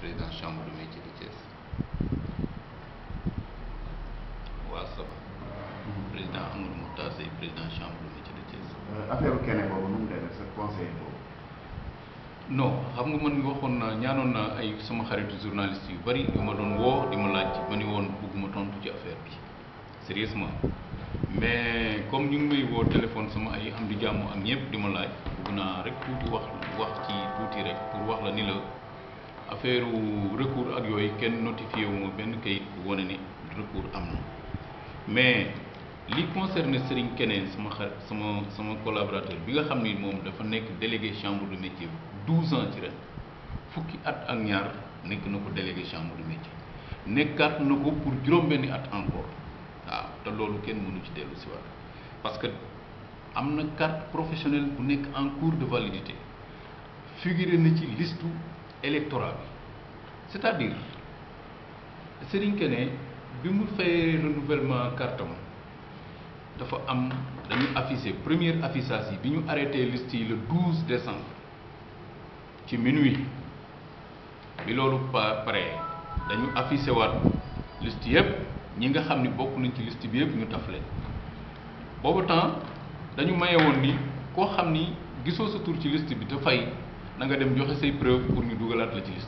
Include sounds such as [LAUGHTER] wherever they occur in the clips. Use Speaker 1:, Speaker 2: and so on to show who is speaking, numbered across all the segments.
Speaker 1: président chambre de métier de Thiès waa Saba. président Amadou Mouta Seye président chambre de métier de Thiès. affaire keneen boobu nu mu demee sa conseil boobu. non xam nga man waxoon naa ñaanoon naa ay suma xaritu journaliste yu bari yu ma doon woo di ma laaj ma ni woon bëgguma tontu ci affaire bi sérieusement mais comme ñu ngi may woo téléphone sama ay am di jàmm ak ñëpp di ma laaj bëgg naa rek tuuti wax wax ci tuuti rek pour wax la ni la. affaire recours ak yooyu kenn notifié wu benn kayit bu wane ni recours am na mais li concerne Serigne keneen sama xar sama sama collaborateur bi nga xam ni moom dafa nekk délégué chambre de métier douze ans ci ren fukki at ak ñaar nekk na ko délégué chambre de métier nekkaat na ko pour juróom-benni at encore waaw te loolu kenn mënu ci dellu si waat parce que am na carte professionnel bu nekk en cours de validité figuré na ci liste électorat bi c'est-à-dire Serigne Kene bi mu fayee renouvellement cartam dafa am dañu affiché première affichage yi bi ñu arrêté liste yi le 12 décembre ci minuit bi loolu pa pare dañu affiché waat liste yëpp ñi nga xam ni bokk nañ ci liste bi yëpp ñu taf boobu temps dañu maye woon ni koo xam ni gisoo sa tur ci liste bi te na nga dem joxe say preuve pour ñu dugalaat la ci bi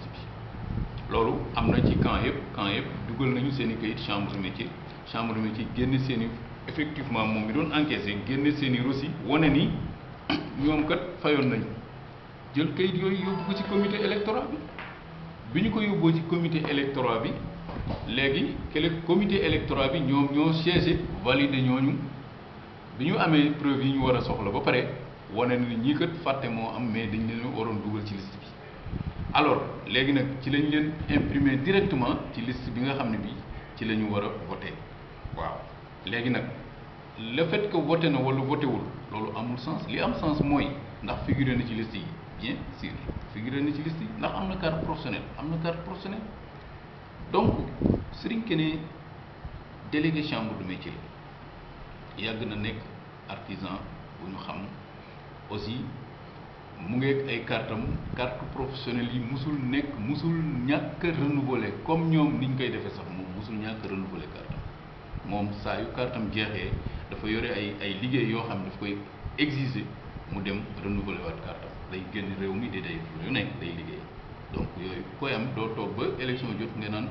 Speaker 1: loolu am na ci camp yëpp camp yëpp dugal nañu seen i kayit chambre métier chambre métier génne seen i effectivement moom mi doon encaissé génne seen i reçu wane ni [COUGHS] ñoom kat fayoon nañu jël kayit yooyu yóbbu ko ci comité électoral bi bi ñu ko yóbboo ci comité électoral bi léegi kële comité électoral bi ñoom ñoo siégé validé ñooñu bi ñu amee preuve yi ñu war a soxla ba pare. wane ni ñii kat fàtte moo am mais dañ leen waroon dugal ci liste bi alors léegi nag ci lañ leen imprimer directement ci liste bi nga xam ne bi ci la ñu war a voté waaw léegi nag le fait que voté na wala voté wul loolu amul sens li am sens mooy ndax figuré na ci liste yi bien sûr figuré na ci liste yi ndax am na carte professionnelle am na carte professionnelle donc Serigne Kene délégué chambre de métier yàgg na nekk artisan bu ñu xam aussi mu ngi ay cartam carte professionnelle yi musul nekk musul ñàkk renouveler comme ñoom niñ koy defee sax moom musul ñàkk renouveler cartam moom saa yu cartam jeexee dafa yore ay ay liggéey yoo xam ne daf koy exiger mu dem renouveler waat cartam day génn réew mi di day lu nekk day liggéey donc yooyu koy am doo toog ba élection jot nga naan